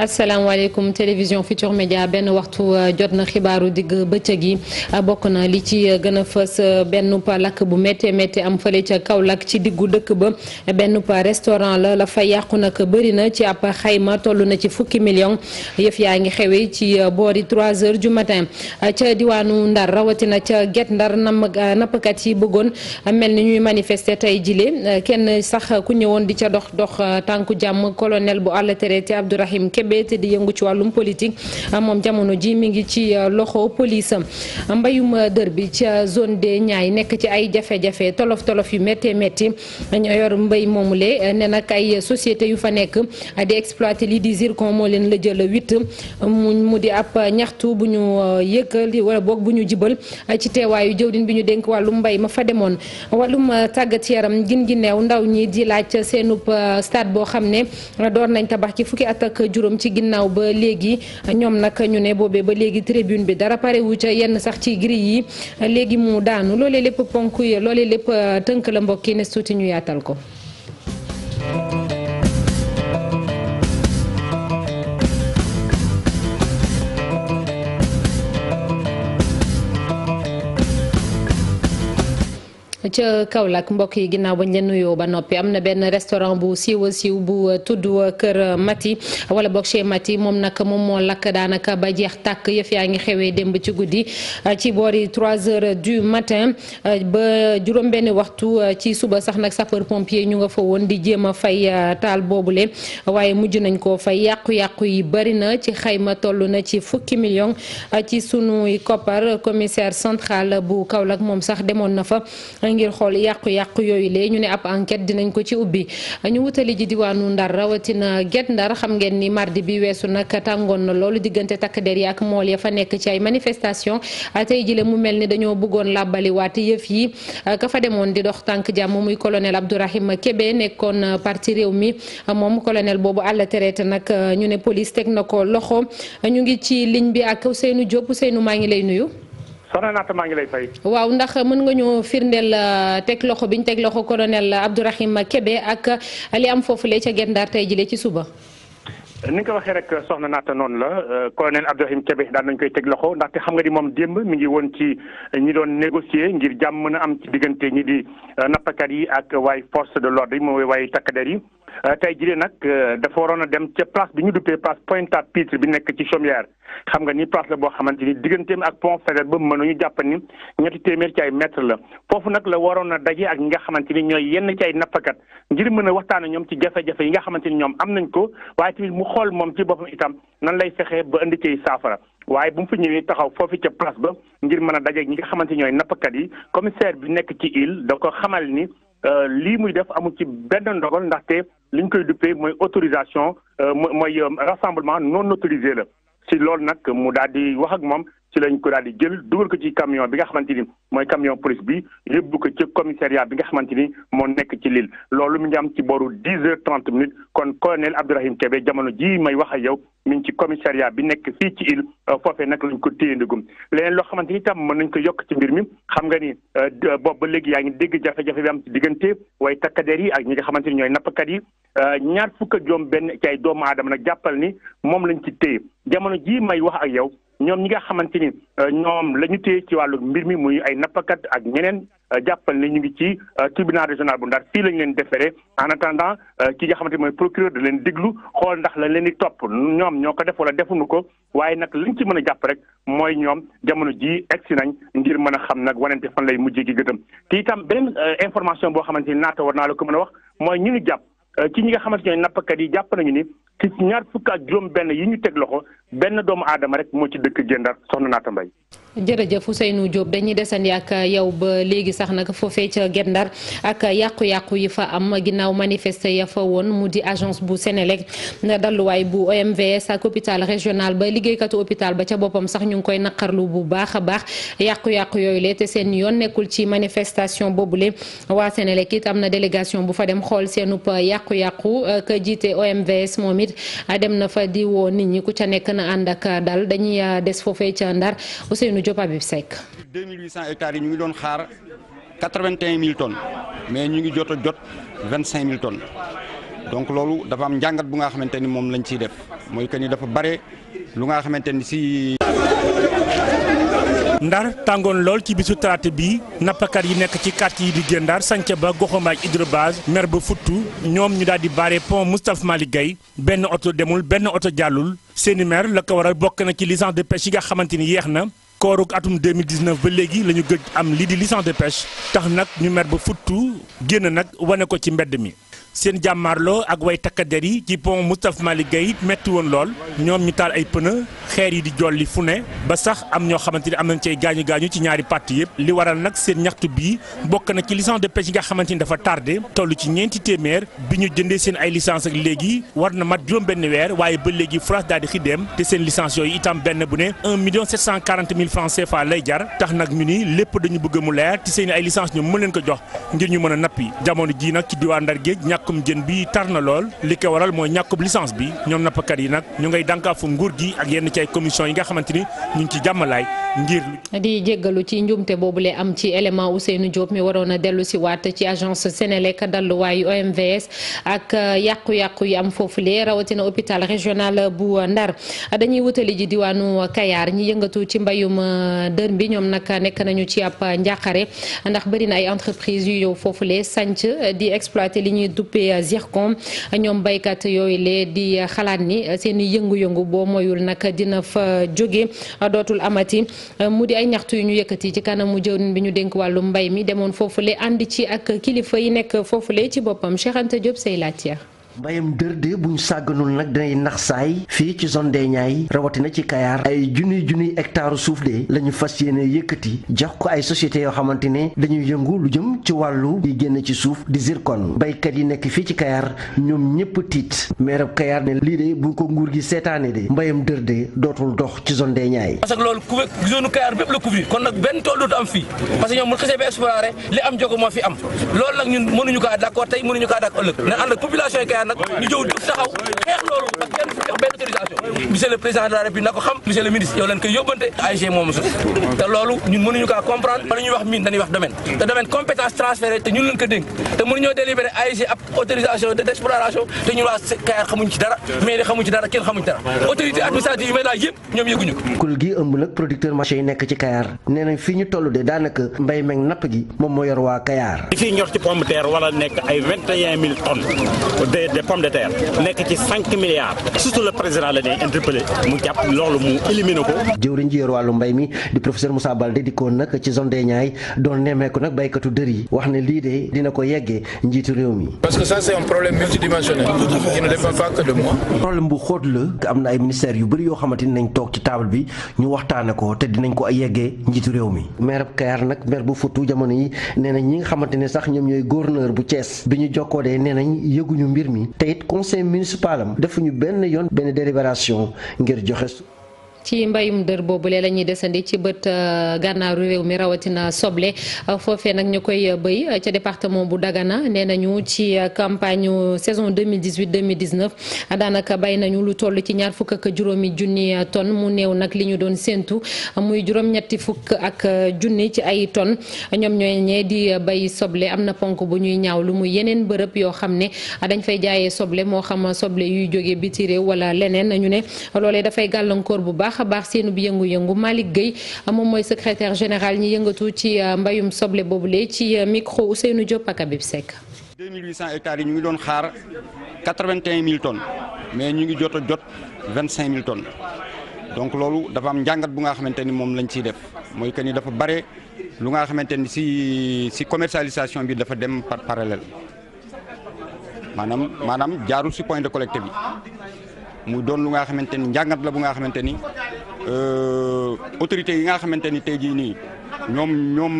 asalaamaaleykum télévision Futur Média benn waxtu euh, jot na xibaaru digg bëccëg yi euh, bokk na li ci euh, gën a fës benn pa bu méttee méttee am fële ca Kaolack ci diggu dëkk ba benn pa restaurant la la fa yàqu nag bëri na ci ab xayma toll na ci fukki million yëf yaa ngi xewee ci boori 3 heures du matin ca diwaanu Ndar rawatina ca Guet Ndar nam nappkat yi bëggoon mel ni ñuy manifester tey jile kenn sax ku ñëwoon di ca dox dox tànku jàmm colonel bu àll boobee te di yëngu ci wàllum politique ah, moom jamono jii mi ngi ci ah, loxo police am ah, mbayum dër bi ca zone des Niayes nekk ci ay jafe-jafe tolof tolof yu méttee métti ñoo yor mbay moomule ne nag ay société yu fa nekk di exploité lii di zircon moo leen la jël huit mu mu di ab ñaxtu bu ñu yëkkali wala boog bu ñu jibal ci teewaayu jëwdin bi ñu dénk wàllum mbay ma fa demoon wàllum tàggat yaram gin gi neew ndaw ñi di laaj seenub stade boo xam ne door nañ tabax ci ginnaaw ba léegi ñoom nag ñu ne boobee ba léegi tribune bi dara parewu ca yenn sax ci gris yi léegi mu daanu loole lépp ponk yi loole lépp tënk la mbokk yi ne suuti ñu yaatal ko. ca Kaolack mbokk yi ginnaaw bañ leen nuyoo ba noppi am na benn restaurant bu siiwa siiw bu tudd Kër Mati wala boog chez Mati moom nag moom moo lakk daanaka ba jeex tàkk yëf yaa ngi xewee démb ci guddi ah, ci boori 3 heures du matin ah, ba juróom-benni waxtu ah, ci suba sax nag sapeur pompier ñu nga fa woon di jéem a fay taal boobu boobule waaye mujj nañ koo fay yàqu-yàqu yi bari na ci xayma toll na ci fukki million ci sunuy koppar commissaire central bu Kaolack moom sax demoon na fa. ngir xool yàqu-yàqu yooyu le ñu ne ab enquête dinañ ko ci ubbi ñu wutali ji diwaanu ndar rawatina get Ndar xam ngeen ni mardi bi weesu nag tàngoon na loolu diggante takk der yi ak mool ya fa nekk ci ay manifestation tey jile mu mel ni dañoo bëggoon làbbaliwaat yëf yi ka fa demoon di dox tànk jàmm muy kolonel colonel Abdourahim Kébé nekkoon parti réew mi moom colonel boobu àll tereet nag ñu ne police teg na ko loxo ñu ngi ci ligne bi ak seenu Diop Ousseynou maa ngi lay nuyu soxna Naata maa ngi lay fay. waaw ndax mën nga ñu firndeel euh, teg loxo bi ñu teg loxo colonel Abdourahim Kébé ak euh, li am foofu foofule ca Guet Ndar tey jile ci suba. ni nga ko waxee rek soxna naata noonu la euh, colonel Abdourahim Kébé daan nañ koy teg loxo ndaxte xam nga di moom démb mi ngi woon ci ñi doon négocier ngir jàmm mën a am ci diggante ñi di nappakat yi ak waay force de l'ordre yi mooy waay takk der yi. Euh, tey jii nag euh, dafa waroon a dem ca place bi ñu duppee place point à pitre bi nekk ci Chaumière xam nga ni place la boo xamante ni digganteem ak pont Faidherbe ba mën nañu jàpp ni ñetti téeméer ay mètre la foofu nag la waroon a daje ak nga xamante ni ñooy yenn ci ay nappkat ngir mën a waxtaan ñoom ci jafe-jafe yi nga xamante ni ñoom am nañ ko waaye tamit mu xool moom ci boppam itam nan lay fexee ba indi ci saafara. waaye bu mu fi ñëwee taxaw foofu ca place ba ngir mën a daje ñi nga xamante ñooy nappakat yi commissaire bi nekk ci il da ko xamal ni euh, lii muy def amul ci benn ndogal ndaxte li ñu koy duppee mooy autorisation euh, mooy euh, rassemblement non autorisé la si loolu nag mu daal di wax ak moom ci lañ ko daal di jël dugal ko ci camion bi nga xamante ni mooy camion police bi yóbbu ko ci commissariat bi nga xamante ni moo nekk ci Lille loolu mi ngi am ci booru dix heures trente minutes kon colonel Abdourahim Kébé jamono ji may wax ak yow mi ngi ci commissariat bi nekk fii ci Lille euh, foofee nag lañ ko téyandegum leneen loo xamante ni tam mën nañ ko yokk ci mbir mi xam nga ni euh, euh, boobu ba léegi yaa ngi dégg jafe-jafe bi am ci diggante waaye takkadeer yi ak ñi nga xamante ni ñooy nappkat yi ñaar fukk ak benn ci ay doomu aadama nag ni moom lañ ci téye jamono ji may wax ak yow ñoom ñi nga xamante ni euh, ñoom la ñu téye ci wàllu mbir mi muy ay nappakat ak ñeneen euh, jàppal ne ñu ngi ci euh, tribunal régional bu Ndar fii lañ leen deferee en attendant ki nga xamante mooy procureur da leen diglu xool ndax lañ leen di topp ñoom ñoo ko def wala defuñu ko waaye nag liñ ci mën a jàpp rek mooy ñoom jamono jii egsi nañ ngir mën a xam nag wanante fan lay mujjee gi gëtëm te itam beneen information boo xamante ni naata war naa la ko mën a wax mooy ñu jàpp Euh, ci ñi nga xamante ñooy nappkat yi jàpp nañu ni ci ñaar fukk ak juróom benn yi ñu teg loxo benn doomu aadama rek moo ci dëkk Guet-Ndar soxna Naata Mbaye jërëjëf Ousseynou Diop dañuy desandi ak yow ba léegi sax nag foofee ca guet ak yàqu-yàqu yi fa am ginnaaw manifester ya fa woon mu di agence bu Senelec dalluwaay bu OMVS ak hôpital régional ba liggéeykatu hôpital ba ca boppam sax ñu ngi koy naqarlu bu baax a baax yàqu-yàqu yooyu le te seen yoon nekkul ci manifestation boobule waa bu fa dem xool seenub yàqu-yàqu euh, ka jiite OMVS moom it ah, dem na fa di woo nit ñi ku ca nekk na ànd ak dal dañuy ah, des foofee ca Ndar Ousseynou Diop Habib Seck. 2800 hectares yi ñu ngi doon xaar 81000 tonnes mais ñu ngi jot a jot 25000 ton donc loolu dafa am njàngat bu nga xamante ni moom lañ ciy def mooy que dafa bare lu nga xamante ni si. ndar tàngoon lool ci bisu talaata bi nappkat yi nekk ci quartier yi di Guet-Ndar Santhiaba ba Goxombaay Hydrobase mer ba futtu ñoom ñu daal di baare pont Moustapha Malick Guèye benn oto demul benn oto jàllul seeni mer la ko waral bokk na ci licence de pêche yi nga xamante ni yeex na kooruk atum 2019 ba léegi la ñu gëj am lii di licence de pêche tax nag ñu mer ba futtu génn nag wane ko ci mbedd mi seen jàmmaarlo ak way takk yi ci pont Moustapha Malick Gueye it metti woon lool ñoom ñu taal ay pneu xeer yi di jolli fu ne ba sax am ñoo xamante ni am nañ cay gaañu gaañu ci ñaari pàtt yëpp li waral nag seen ñaxtu bii bokk na ci licence de pêche yi nga xamante ni dafa tardé toll ci ñeenti téeméer bi ñu jëndee seen ay licence ak léegi war na mat juróom benn weer waaye ba léegi France daal di xiddeem te seen licence yooyu itam benn bu ne 1 million 740 mille francs lay jar tax nag ñu ni lépp dañu bëgg mu leer ci seen ay licence ñu mën leen ko jox ngir ñu mën a nappi jamono ji nag ci diwaan Ndar ñàkkum jën bi tar na lool li ko waral mooy ñàkkub licence bi ñoom nappkat yi nag ñu ngay dànkaafu nguur gi ak yi nga xamante ni ñu ngi ci jàmmalaay ngir. di jéggalu ci njuumte boobule am ci élément Ousseynou Diop mi waroon a dellu si ci agence Sénélec dalluwaayu OMVS ak euh, yàqu-yàqu yi am foofulee rawatina hôpital régional bu Ndar dañuy wutali ji diwaanu Kayar ñi yëngatu ci mbayum euh, dër bi ñoom nag nekk nañu ci ab njàqare ndax bëri ay entreprise yu yow foofulee sanc di exploité li ñuy duppee euh, zircon ñoom baykat yooyu lee di euh, xalaat ni euh, seen yëngu-yëngu boo moyul nag dina fa jóge dootul amati mu di ay ñaxtu yu ñu yëkkati ci kanamu jëwriñ bi ñu dénk wàllu mbay mi demoon foofu foofule ànd ci ak kilifa yi nekk foofu le ci boppam Cheikh Anta Diop say laaj mbayam dërde bu ñu sàgganul nag dinay nax saay fii ci zone des Niayes rawatina ci Kayar ay junniy junniy hectare suuf de la ñu fas yéene yëkkati jox ko ay sociétés yoo xamante ne dañuy yëngu lu jëm ci wàllu yi génn ci suuf di zircon baykat yi nekk fii ci Kayar ñoom ñëpp tiit maire ab ne lii de bu ko nguur gi seetaane de mbayam dërde dootul dox ci zone des Niayes. parce que loolu couvert zone Kayar bépp la couvrir kon nag benn tool am fii parce que moo fi am loolu nag ñun jaar nag ñu jëw jug taxaw xeex loolu parce que kenn fi jox benn autorisation monsieur le président de la république na ko xam monsieur le ministre yow leen koy yóbbante AG moomu suuf te loolu ñun mënuñu kaa comprendre wala ñuy wax mine dañuy wax domaine te domaine compétence transférée te ñun leen ko dénk te mënuñoo délibéré AG ab autorisation d'exploration te ñun waa Kayar xamuñ ci dara mairie xamuñ ci dara kenn xamuñ ci dara autorité administrative yi may laa yëpp ñoom yëguñu ko kuréel gi ëmb nag producteur yi nekk ci Kayar nee nañ fii ñu toll de daanaka mbay meeg napp gi moom moo yor waa Kayar li fiy ñor ci pomme de nekk le président la day interpellé mu jàpp loolu mu éliminé ko. jëwriñ ji wàllu mbay mi di professeur Moussa Baldé di ko nag ci zone des doon nemmeeku nag béykatu dër yi wax ne lii dina ko yeggee njiitu réew mi. parce que ça c'est un problème multidimensionnel qui bu xóot la am na ay ministères yu bëri yoo xamante ni nañ toog ci taabal bi ñu waxtaane ko te dinañ ko yeggee njiitu réew mi. maire Kayar nag maire bu Fuuta jamono yi nee nañ ñi nga xamante ne sax ñoom ñooy gouverneur bu cees bi ñu jokkoo de nee nañ yëguñu mbir mi mi te it conseil municipal am defuñu benn yoon benn délibération ngir joxe. su ci mbayum dër boobule la ñuy desandi ci bët euh, gànnaaru réew mi rawatina soble euh, foofe nag ñu koy euh, béy ca département bu Dagana nee nañu ci campagne saison 2018 2019 daanaka bay nañu lu toll ci ñaar fukk ak juróomi junni tonne mu néew nag li ñu doon séentu muy juróom-ñetti fukk ak junni ci ay tonne ñoom ñooy ñee di bay soble am na ponk bu ñuy ñaaw lu muy yeneen bërëb yoo xam ne dañ fay jaaye soble moo xam soble yuy jóge biti réew wala leneen ñu ne loolee dafay gàllankoor baax a baax seenu bi yëngu-yëngu Malick Gueye moom mooy secrétaire général ñi yëngatu ci euh, mbayum soble boobu boobule ci euh, micro Ousseynou Diop ak Habib Seck. 2800 hectares ñu ngi doon xaar 81000 tonnes mais ñu ngi jot a jot 25000 tonnes donc loolu dafa am njàngat bu nga xamante ni moom lañ ciy def mooy que ni dafa bare lu nga xamante ni si si commercialisation bi dafa dem par parallèle maanaam maanaam jaarul si point de collecte bi mu doon lu nga xamante ni njàngat la bu nga xamante ni euh, autorités yi nga xamante ni tey jii nii ñoom ñoom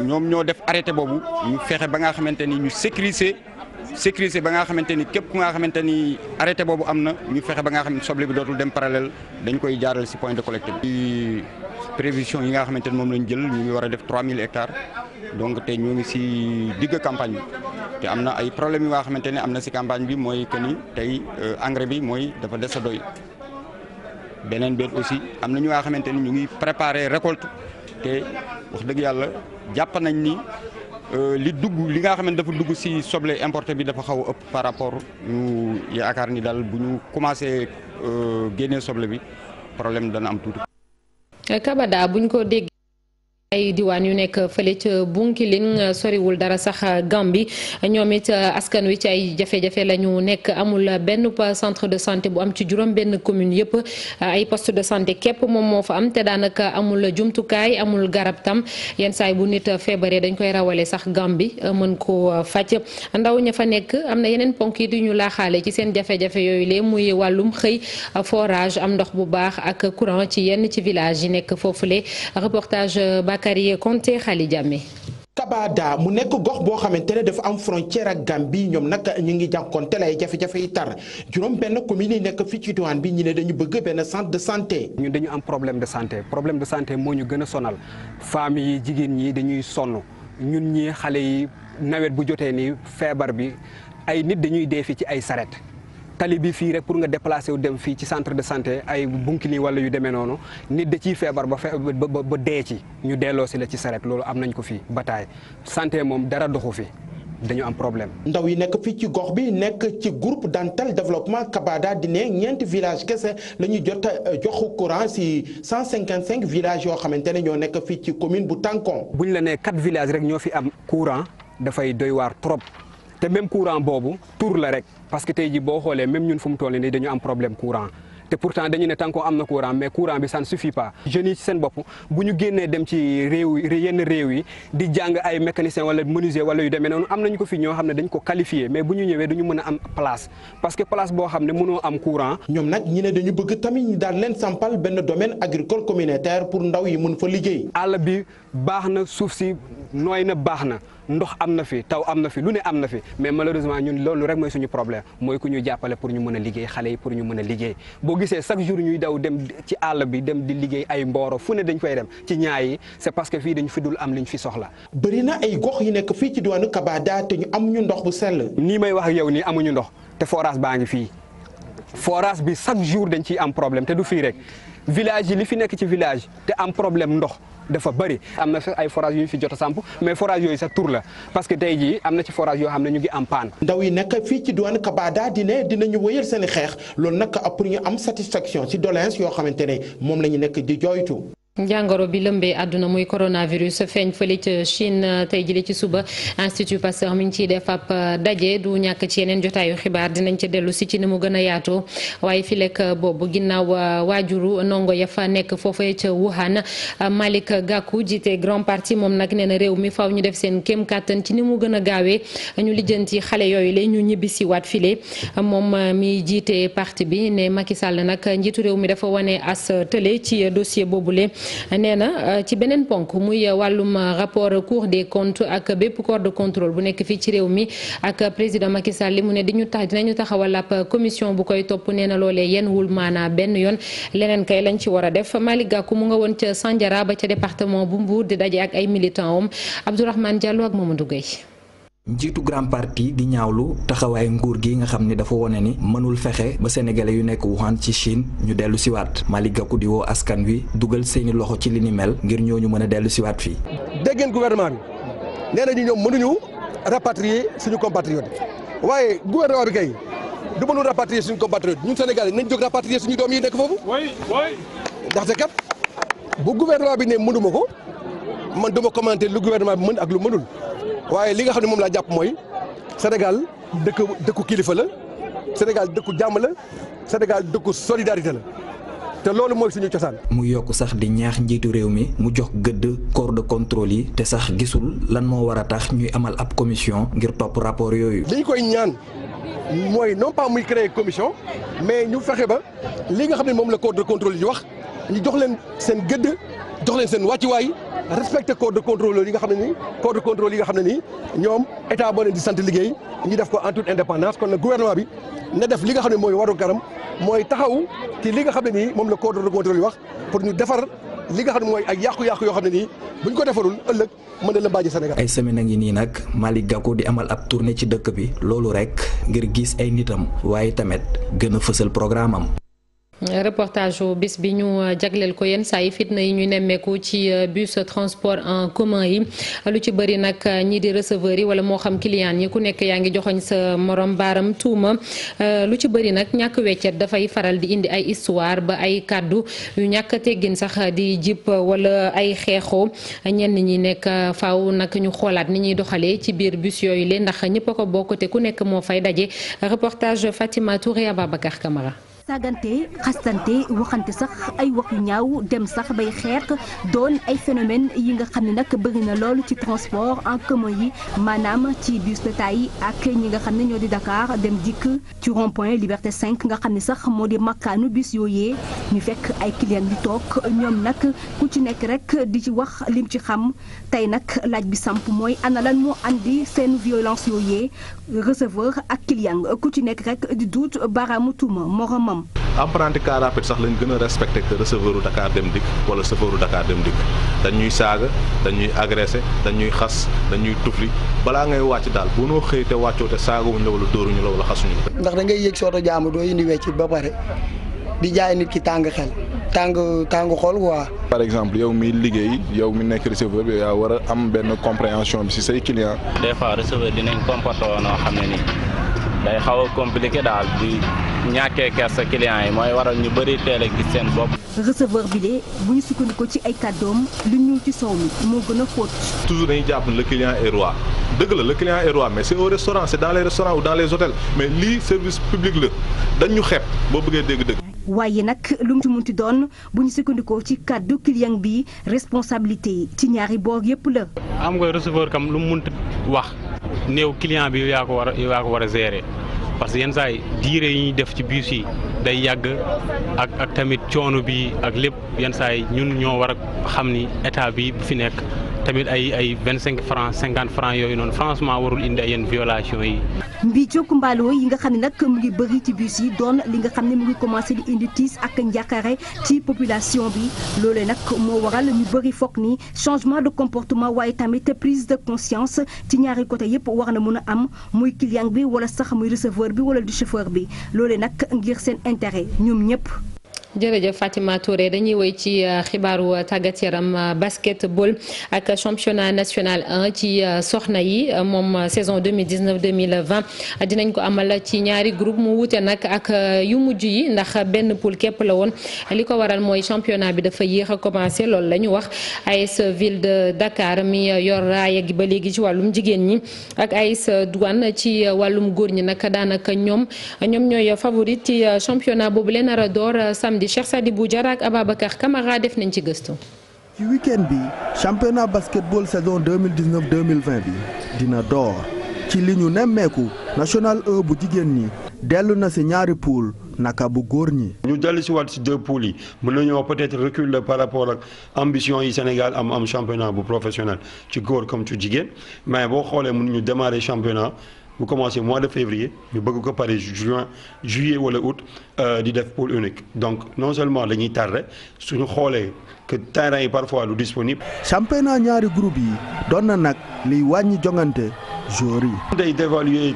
ñoom ñoo def arrêté boobu ñu fexe ba nga xamante ni ñu sécuriser sécuriser ba nga xamante ni képp ku nga xamante ni arrêté boobu am na ñu fexe ba nga xam ne soble bi dootul dem parallèle dañ koy jaaral si point de collecte bi. prévision yi nga xamante ni moom lañ jël ñu ngi war a def mille hectares donc te ñoo ngi si digg campagne bi. te am na ay problème yi nga xamante ne am na si campagne bi mooy que ni tey euh, engrais bi mooy dafa des a doy beneen benn aussi am na ñu nga xamante ni ñu ngi préparer récolte te wax dëgg yàlla jàpp nañ ni euh, li dugg li nga xamante ne dafa dugg si soble importé bi dafa xaw a ëpp par rapport ñu yaakaar ni daal bu ñu commencé euh, génnee soble bi problème dana am tuuti. Kabada buñ ko dégg ay diwaan yu nekk fële ca Bunkiling euh, soriwul dara sax euh, Gàmbi ñoom it euh, askan wi ci ay jafe-jafe la nekk amul benn centre de santé bu am ci juróom benn commune yëpp ay poste de santé képp moom moo fa am te daanaka amul jumtukaay amul garab tam yenn saay bu nit feebaree dañ koy rawale sax Gàmbi mën koo faj ndaw ña fa nekk am na yeneen ponk yi di ñu laaxaale ci seen jafe-jafe yooyu lee muy wàllum xëy forage am ndox bu baax ak courant ci yenn ci village yi nekk foofule Zakaria Konté Khali Diame Kabada mu nekk gox boo xamante ne dafa am frontière ak Gambie ñoom nag ñu ngi jànkoonte lay jafe-jafe yi tar juróom benn commune yi nekk fii ci bi ñu ne dañu bëgg benn centre de santé. ñun dañu am problème de santé problème de santé moo ñu gën a sonal femmes yi jigéen ñi dañuy sonn ñun ñi xale yi nawet bu jotee nii feebar bi ay nit dañuy dee fi ci ay saret tali bi fii rek pour nga déplacé wu dem fii ci centre de santé ay bunkini wala yu demee noonu nit da ciy feebar ba fe ba ba dee ci ñu delloo si la ci saret loolu am nañ ko fii bataay santé moom dara doxu fi dañu am problème. ndaw yi nekk fii ci gox bi nekk ci groupe Dantal développement Kabada di ñeenti village kese la ñu jot euh, joxu courant si cent cinq villages yoo xamante ne ñoo nekk fii ci commune bu Tànkon. bu ñu la nee quatre villages rek ñoo fi am courant dafay doy waar trop. te même courant boobu tour la rek parce que tey ji boo xoolee même ñun fu mu toll nii dañu am problème courant te pourtant dañu ne tant que am na courant mais courant bi ça ne suffit pas bu ñu génnee dem ci réew yi yenn réew yi di jàng ay mécanicien wala menuisier wala yu demee noonu am nañu ko fi ñoo xam ne dañ ko qualifié mais bu ñu ñëwee duñu mën a am place parce que place boo xam ne mënoo am courant. ñoom nag ñi ne dañu bëgg tamit ñu daal leen sampal benn domaine agricole communautaire pour ndaw yi mën fa liggéey. àll bi baax na suuf si nooy na baax na. ndox am na fi taw am na fi lu ne am na fi mais malheureusement ñun loolu rek mooy suñu problème mooy ku ñu jàppale pour ñu mën a liggéey xale yi pour ñu mën a liggéey boo gisee chaque jour ñuy daw dem ci àll bi dem di liggéey ay mbooro fu ne dañ koy dem ci ñaay yi c'est parce que fii dañ fi dul am liñ fi soxla bëri na ay gox yi nekk fii ci diwaanu Kabada te ñu amuñu ndox bu sell nii may wax ak yow nii amuñu ndox te forage baa ngi fii forage bi chaque jour dañ ciy am problème te du fii rek village yi li fi nekk ci village te am problème ndox dafa bari am na sax ay forage yu fi jot a samp mais forage yooyu sax tur la parce que tey jii am na ci forage yoo xam ne ñu ngi am paan ndaw yi nag fii ci diwaan Kabada di ne dinañu wëyal seen i xeex loolu nag pour ñu am satisfaction si doléance yoo xamante ne moom la ñu nekk di jooytu jàngoro bi lëmbee àdduna muy coronavirus feeñ fële ca Chine euh, tey jëlee ci suba institut Pasteur mi ngi ciy def ab euh, daje du ñàkk ci yeneen jotaayu xibaar dinañ ca dellusi ci ni mu gën a yaatoo waaye fii lekk euh, boobu ginnaaw waajuru ndongo ya fa nekk foofee ca Wuhan Malick gàkku jiite Grand Parti moom nag nee na réew mi faw ñu def seen kem kàttan ci ni mu gën a gaawee ñu lijjanti xale yooyu la ñu ñibbisi waat file moom mi jiite parti bi ne Macky Sall nag njiitu réew mi dafa wane as tële ci dossier boobule. nee na euh, ci beneen ponk muy wàllum a cour des comptes ak bépp corps de contrôle bu nekk fii ci réew mi ak président Macky Sall li mu ne diñu tax dinañu taxawal ab commission bu koy topp nee na loolee yenn wul maanaa benn yoon leneen kay lañ ci war a def Malick ko mu nga woon ca Sandiara ba ca département bu Mbour di daje ak ay militants am Abdourahmane Diallo ak Mamadou Gueye njiitu grand parti di lu taxawaay nguur gi nga xam ni dafa wone ni mënul fexe ba sénégalais yu nekk Wuhan ci Chine ñu dellu siwaat Malick Gakou di woo askan wi dugal seeni loxo ci li ni mel ngir ñooñu mën a dellu siwaat fii dégg ngeen gouvernement bi nee nañu ñoom mënuñu rapatrier suñu compatriote waaye gouvernement bi kay du mënul rapatrier suñu compatriote ñun senegal nañ jóg rapatrier suñu doom yi nekk foofu ndaxte kat bu gouvernement bi ne mënuma ko man duma commenter lu gouvernement mën ak lu mënul waaye li nga xam ne moom laa jàpp mooy Sénégal dëkk dëkku kilifa la Sénégal dëkku jàmm la Sénégal dëkku solidarité la te loolu mooy suñu cosaan. mu yokk sax di ñaax njiitu réew mi mu jox gëdd corps de contrôle yi te sax gisul lan moo war a tax ñuy amal ab commission ngir topp rapport yooyu. li ñu koy ñaan mooy non pas muy créer commission mais ñu fexe ba li nga xam ne moom la corps de contrôle yi wax ñu jox leen seen gëdd. jox leen seen wàccuwaay respecté corps de contrôle yi nga xam ne nii corps de contrôle yi nga xam ne nii ñoom état boo leen di sant liggéey ñu def ko en toute indépendance kon nag gouvernement bi na def li nga xam ne mooy waru garam mooy taxaw li nga xam ne nii moom la corps de contrôle yi wax pour ñu defar li nga xam ne mooy ay yàqu-yàqu yoo xam ne nii bu buñ ko defarul ëllëg mën na la baaje Sénégal. ay semaine a ngi nii nag Malick Gakou di amal ab tournée ci dëkk bi loolu rek ngir gis ay nitam waaye tamit gën a fësal programme am. reportage bis bi ñu euh, jagleel ko yenn saa yi fitna yi ñu nemmeeku ci euh, bus transport en commun yi lu ci bëri nag euh, ñii di receveur yi wala moo xam client yi ku nekk yaa ngi joxoñ sa morom baaram tuuma lu ci bëri nag ñàkk weccet dafay faral di indi ay histoire ba ay kàddu yu ñàkk teggin sax di jip wala ay xeexoo ñenn ñi nekk faaw nag ñu xoolaat ni ñuy doxalee ci biir bus yooyu leen ndax ñëpp a ko bokk te ku nekk moo fay daje reportage Fatima Touré Ababacar Camara saagante xastante waxante sax ay wax yu ñaaw dem sax bay xeex doon ay phénomène yi nga xam ne nag bëri na lool ci transport en commun yi maanaam ci bus de taille ak ñi nga xam ne ñoo di Dakar dem dikk ci rond point Liberté 5 nga xam ne sax moo di makaanu bus yooyee ñu fekk ay clients yu toog ñoom nag ku ci nekk rek di ci wax lim ci xam tey nag laaj bi samp mooy ana lan moo andi seen violence yooyee receveur ak client ku ci nekk rek di duut baaraamu tuuma moromam am. apprenti car rapide sax lañ gën a respecté que receveur u dem dikk wala chauffeur u Dakar dem dikk dañuy saaga dañuy agressé dañuy xas dañuy tufli balaa ngay wàcc daal bu noo xëy te wàccoo te saagawuñ la wala dóoruñu la wala xasuñu la. ndax da ngay yëg sooto jaamu doo indi wecc ba pare di jaay nit ki tàng xel. tàng tàng xool quoi. par exemple yow mi liggéey yow mi nekk receveur bi yaa war a am benn compréhension bi si say client. des fois receveur dinañ comporté woon noo xam day xaw a compliqué daal bi ñàkkee kersa clients yi mooy waral ñu bëri teel a gis seen bopp. receveur bi de bu ñu sukkandikoo ci ay kàddoom lu ñuul ci soow mi moo gën a xóot. toujours dañuy jàpp ne le client est roi dëgg la le client est roi mais c' est restaurant c' est dans les restaurants ou les hôtels mais lii service public la dañ ñu xeeb boo bëggee dégg-dëgg. waaye nag lu mu ci munti doon bu ñu sukkandikoo ci kàddu client bi responsabilité ci ñaari boor yépp la. am nga receveur kam lu mu munti wax néew client bi yaa ko war a yaa ko war a gérer parce que yenn saa yi diire yi ñuy def ci bus yi day yàgg ak ak tamit coono bi ak lépp yenn saa yi ñun ñoo war a xam ni état bi bu fi nekk. tamit ay ay vingt cinq franc cinquante franc yooyu noonu franchement warul indi ay yenn violation yi. mbiico mbaaloo yi nga xam ne nag mu ngi bëri ci bus yi doon li nga xam ne mu ngi commencé di indi tiis ak njàqare ci population bi loolee nag moo waral ñu bëri foog ni changement de comportement waaye tamit prise de conscience ci ñaari côté yëpp war na mën a am muy client bi wala sax muy receveur bi wala di chauffeur bi loolee nag ngir seen intérêt ñoom ñëpp. jërëjëf Fatima Touré dañuy woy ci euh, xibaaru euh, tàggat yaram euh, basketball ak championnat national 1 ci soxna yi moom saison 2019 2020 dinañ ko amal ci ñaari groupe mu wuute nag ak yu mujj yi ndax benn poule képp la woon li ko waral mooy championnat bi dafa yéex a commencé lool la ñu wax AS Ville de Dakar mi yor raaya gi ba léegi ci wàllum jigéen ñi ak AS Douane ci wàllum góor ñi nag daanaka ñoom ñooy favori ci championnat boobu leen nar samedi di Cheikh Sadibou Diarra ak Ababacar Camara def nañ ci gëstu. ci week-end bi championnat basketball saison 2019 2020 bi dina door ci li ñu nemmeeku national 1 bu jigéen ñi dellu na ci ñaari poule naka bu góor ñi. ñu dellu si waat si deux poules yi mën nañoo peut-être reculer par rapport ak ambition yi Sénégal am am championnat bu professionnel ci góor comme ci jigéen mais boo xoolee mën ñu démarrer championnat. bu commencé mois de février ñu bëgg ko pare juin juillet wala aut euh, di def pour unique donc non seulement dañuy su ñu xoolee que terrain yi parfois du disponible. championnat ñaari groupe yi doon na nag liy wàññi jongante joueurs yi. day dévaluer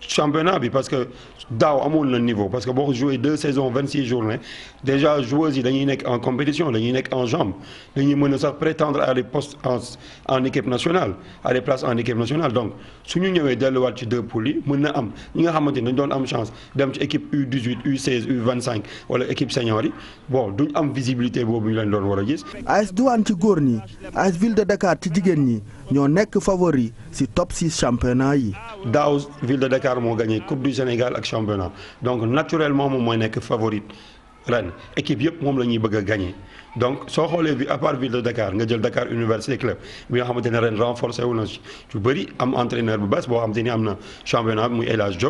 championnat bi parce que daaw amoon na niveau parce que boo joué deux saisons vingt six journées déjà joueuses yi dañuy nekk en compétition dañuy nekk en jambe dañuy mën a sax prétendre à des postes en équipe nationale à des places en équipe nationale donc su ñu ñëwee delluwaat ci deux poules yi mën na am ñi nga xamante ni dañ doon am chance dem ci équipe U18 U16 U25 wala équipe senior yi bon duñ am visibilité boobu ñu leen doon war a gis. AS Douane ci góor ñi ñi. ñoo nekk favori ci top six championnat yi. daaw ville de Dakar moo gagné coupe du Sénégal ak championnat donc naturellement moom mooy nekk favorite ren équipe yëpp moom la ñuy bëgg a gagné donc soo xoolee bi à part ville de Dakar nga jël Dakar Université Club bi nga xamante ne ren renforcé wu na ci bëri am entraîneur bu bees boo xam xamante ni am na championnat muy El Hadj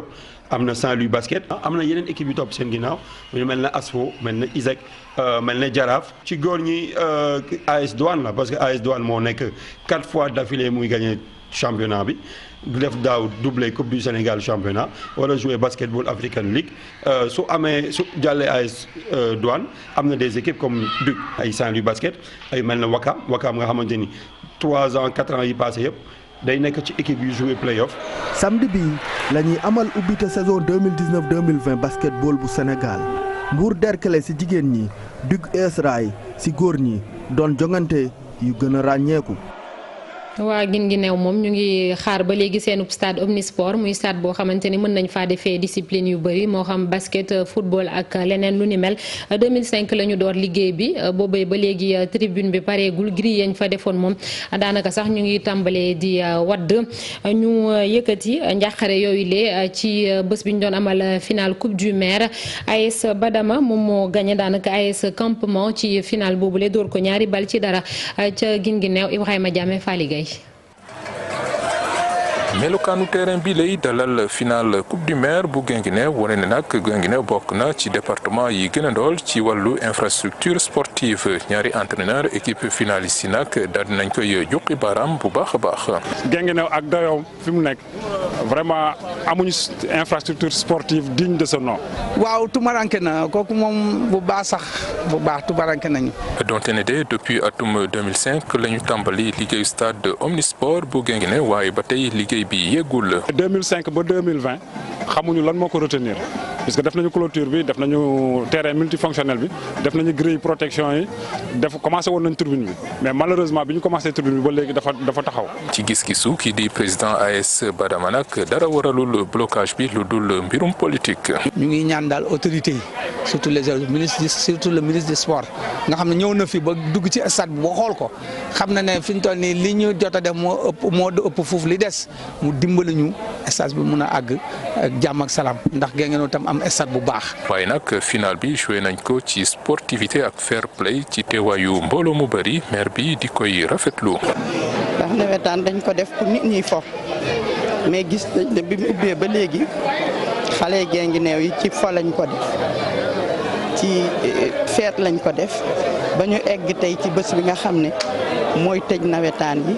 am na Saint-Louis basket am na yeneen équipe yu topp seen ginnaaw ñu mel na ASFO mel na ISEC euh, mel na Jaraaf ci góor ñi euh, AS Douane la parce que AS Douane moo nekk quatre fois d'affilée muy gagné championnat bi def daaw doublé coupe du Sénégal championnat wala jouer basketball African League euh, su amee su jàllee AS Douane am na des équipes comme Duc ay Saint-Louis basket ay mel na Wakam Wakam nga xamante ni trois ans quatre ans yi passé yëpp. day nekk ci équipe yu joué playoff samedi bi la ñuy amal ubbite saison 2019 2020 basketball bu Sénégal Mbour Derklé ci jigéen ñi Duc US Rail ci góor ñi doon jongante yu gën a ràññeeku. waa new moom ñu ngi xaar ba léegi seen stade omnisport muy stade boo xamante ni mën nañ faa defee discipline yu bëri moo xam basket football ak leneen lu ni mel 2005 la ñu door liggéey bi boobee ba léegi euh, tribune bi pareegul grille yañ fa defoon moom daanaka sax ñu ngi tàmbalee di euh, wadd ñu euh, yëkkati njàqare yooyu lee ci bës bi ñu doon amal final coupe du maire AS Badama moom moo gagné daanaka sa campement ci final boobu boobule door ko ñaari bal ci dara ca Guinguinéo Ibrahima Diame Faligay melokaanu terrain bi lay dalal final coupe du maire bu Guinguinéo wane ne nag Guinguinéo bokk na ci département yi gën a ndool ci wàllu infrastructure sportive ñaari entraîneur équipe finaliste yi nag daal dinañ koy juqi baaraam bu baax a baax. Guinguinéo ak dayoom fi mu nekk vraiment amuñu infrastructure sportive digne de ce nom. waaw tumaranke na kooku moom bu baax sax bu baax tumaranke nañu. donte ne de depuis atum 2005 la ñu tàmbali liggéeyu stade omnisport bu Guinguinéo waaye liggéey bi yéegul la. 2005 ba 2020 xamuñu lan moo ko retenir. parce puisque def nañu clôture bi def nañu terrain multifonctionnel bi def nañu grille protection yi def commencé woon nañ tribune bi mais malheureusement bi ñu commencé tribune bi ba léegi dafa dafa taxaw. ci gis-gisu ki di président AS Badama nag dara waralul blocage bi lu dul mbirum politique. ñu ngi ñaan daal autorité yi surtout les ministres surtout le ministre des sports nga xam ne ñëw na fi ba dugg ci stade bi ba xool ko xam na ne fi ñu toll nii li ñu jot a def moo ëpp moo ëpp foofu li des mu dimbali ñu stade bi mun a àgg ak jàmm ak salaam am bu baax. waaye nag final bi joué nañ ko ci sportivité ak fair play ci teewaayu mbooloo mu bëri maire bi di koy rafetlu. ndax nawetaan dañ ko def pour nit ñi fo mais gis nañ bi mu ubbee ba léegi xale gee ngi new yi ci fo lañ ko def ci eh, feet lañ ko def ba ñu egg tey ci bës bi nga xam ne mooy tëj nawetaan bi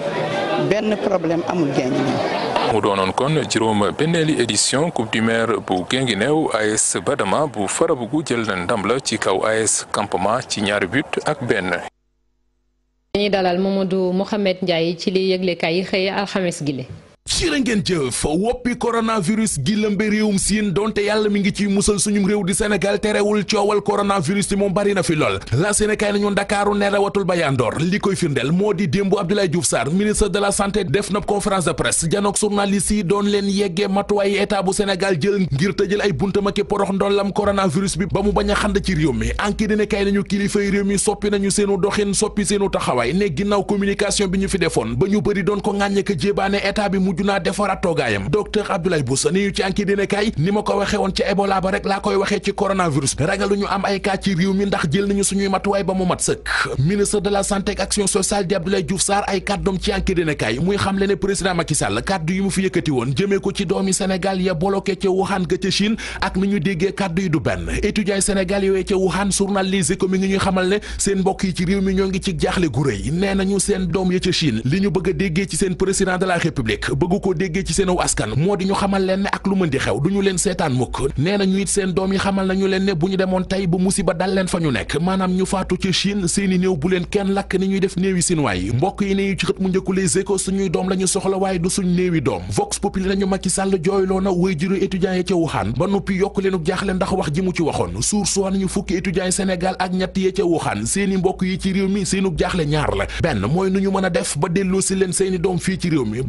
benn problème amul gee ngi neew mu doonoon kon juróom benneeli édition coupe du maire bu Guinguinéo AS Badama bu Farabougou jël na ndam la ci kaw AS Campement ci ñaari but ak benn. dañuy dalal Mamadou Mouhamed Ndiaye ci li yëglekaay yi xëy alxames gi cirë ngeen jëf woppi coronavirus gi lëmbe réewum siin donte yàlla mi ngi ciy musal suñum réew di Sénégal terewul coowal coronavirus yi moom bari fi lool la Sénégal nañu Ndakaaru nerawatul ba yandoor li koy firndeel moo di démbu Abdoulaye Diouf Sarr ministre de la santé def na conférence de presse janook journaliste yi doon leen yeggee matuwaay état bu Sénégal jël ngir tëjël ay buntam ak porox ndollam coronavirus bi ba mu bañ a xand ci réew mi enquête ne bi ñu fi naa defaraat toogaayam docteur Abdoulaye Boussa ni ñu ci anki dina ni ma ko waxe woon ci Ebola ba rek laa koy waxee ci coronavirus ragalu ñu am ay cas ci réew mi ndax jël nañu suñuy matuwaay ba mu mat sëkk ministre de la santé ak action sociale di Abdoulaye Diouf Sarr ay kàddoom ci anki dina muy xam ne président Macky Sall kàddu mu fi yëkkati woon jëmee ko ci doomi Sénégal ya bloqué ca Wuhan ga ca Chine ak ni ñu déggee kàddu yi du benn étudiants bëgg ko déggee ci moo di ñu xamal leen ne ak lu mën di xew du ñu leen seetaan mukk nee na ñu it seen doom yi xamal nañu leen ne bu ñu demoon tey bu musiba dal leen fa ñu nekk maanaam ñu faatu ci Chine seeni néew bu leen kenn lakk ni ñuy def néewi Sinwaa yi mbokk yi ne ci xët mu njëkku Les ñu soxla waaye du suñ néewi doom Vox Populi nañu Macky Sall jooyloo na waajuru étudiants yi ca Wuhan ba noppi yokk leenu jaaxle ndax wax ji mu ci waxoon suur soo nañu fukki étudiants yi Sénégal ak ñett yee ca Wuhan seeni mbokk yi ci réew mi seenu jaaxle ñaar la benn mooy nu ñu mën a def ba delloo si leen seeni doom fii ci réew mi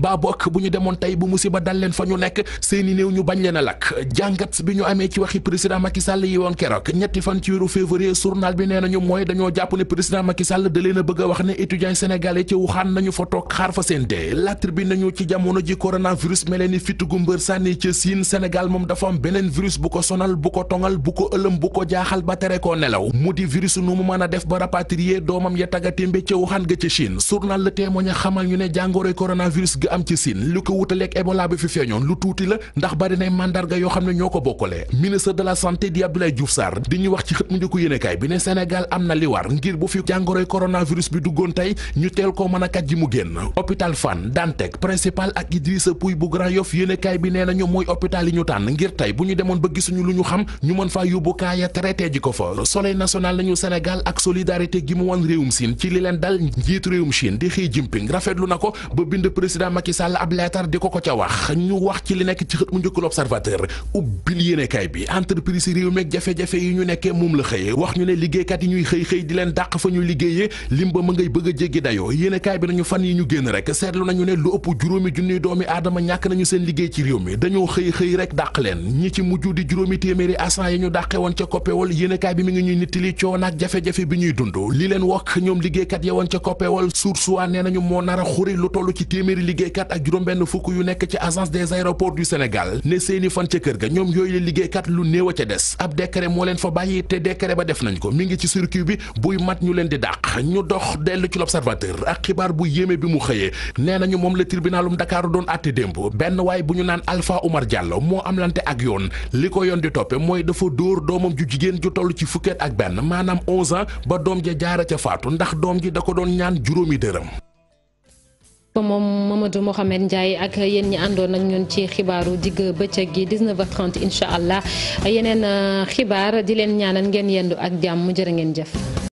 demoon tey bu musiba dal leen fa ñu nekk seeni néew ñu bañ leen a lakk jàngat bi ñu amee ci waxi président Macky Sall yi woon keroog ñetti fan ci weeru février journal bi nee nañu mooy dañoo jàpp ne président Macky Sall da leen a bëgg a wax ne étudiants sénégalais ci Wuhan nañu fa toog xaar fa seen dee lattre bi nañu ci jamono ji coronavirus meleen ni fitt gu mbër sànni ca Siin Sénégal moom dafa am beneen virus bu ko sonal bu ko tongal bu ko ëlëm bu ko jaaxal ba tere koo nelaw mu di virus nu mu mën a def ba rapatrier doomam ya tagatémbe ca Wuhan ga ca Chine journal Le Témoin xamal ñu ne jàngoroy coronavirus ga am ci Siin ko wutaleeg Ebola bi fi feeñoon lu tuuti la ndax bari nay mandarga yoo xam ne ñoo ko bokkalee ministre de la santé di Abdoulaye Diouf Sarr di ñu wax ci xët mu njëkk yéenekaay bi ne Sénégal am na li ngir bu fi jàngoroy coronavirus bi duggoon tey ñu teel koo mën a kat mu génn hôpital Fann Dantec principal ak Idrissa Pouye bu Grand Yoff yéenekaay bi nee nañu mooy hôpital yi ñu tànn ngir tey bu ñu demoon ba gisuñu lu ñu xam ñu mën faa yóbbu kaaya Matar di ko ko ca wax ñu wax ci li nekk ci xët mu njëkk l'observateur ubbil yéenekaay bi entreprise réew meeg jafe-jafe yi ñu nekkee moom la xëyee wax ñu ne liggéeykat yi ñuy xëy xëy di leen dàq fa ñu liggéeyee lim ba ma ngay a jéggi dayoo yéenekaay bi nañu fan yi ñu génn rek seetlu nañu ne lu ëpp juróomi junniy doomi aadama ñàkk nañu seen liggéey ci réew mi dañoo xëy xëy rek dàq leen ñi ci mujj di juróomi téeméeri agent yi ñu dàqe woon ca COPEOL yéenekaay bi mi ngi ñuy nittali coono ak jafe-jafe bi ñuy dund li leen wokk ñoom liggéeykat ya a fukk yu nekk ci agence des aéroports du Sénégal ne seeni fan ca kër ga ñoom yooyu la liggéeykat lu néewa a ca des ab décret moo leen fa bàyyi te décret ba def nañ ko mi ngi ci circuit bi buy mat ñu leen di dàq ñu dox dellu ci l'observateur ak xibaar bu yéeme bi mu xëyee nee nañu moom la tribunalum ndakaaru doon àtte démb benn waay bu ñu naan Alpha Oumar Diallo moo am lante ak yoon li ko yoon di toppe mooy dafa dóor doomam ju jigéen ju toll ci fukkeet ak benn maanaam 11 ans ba doom ja jaara ca faatu ndax doom ji da ko doon ñaan juróomi dërëm moom Mamadou Mohamed Ndiaye ak yéen ñi àndoon ak ñun ci xibaaru digg bëccëg gi 19h30 incha allah yeneen euh, xibaar di leen ñaanal ngeen yendu ak jàmm jërë ngeen jëf.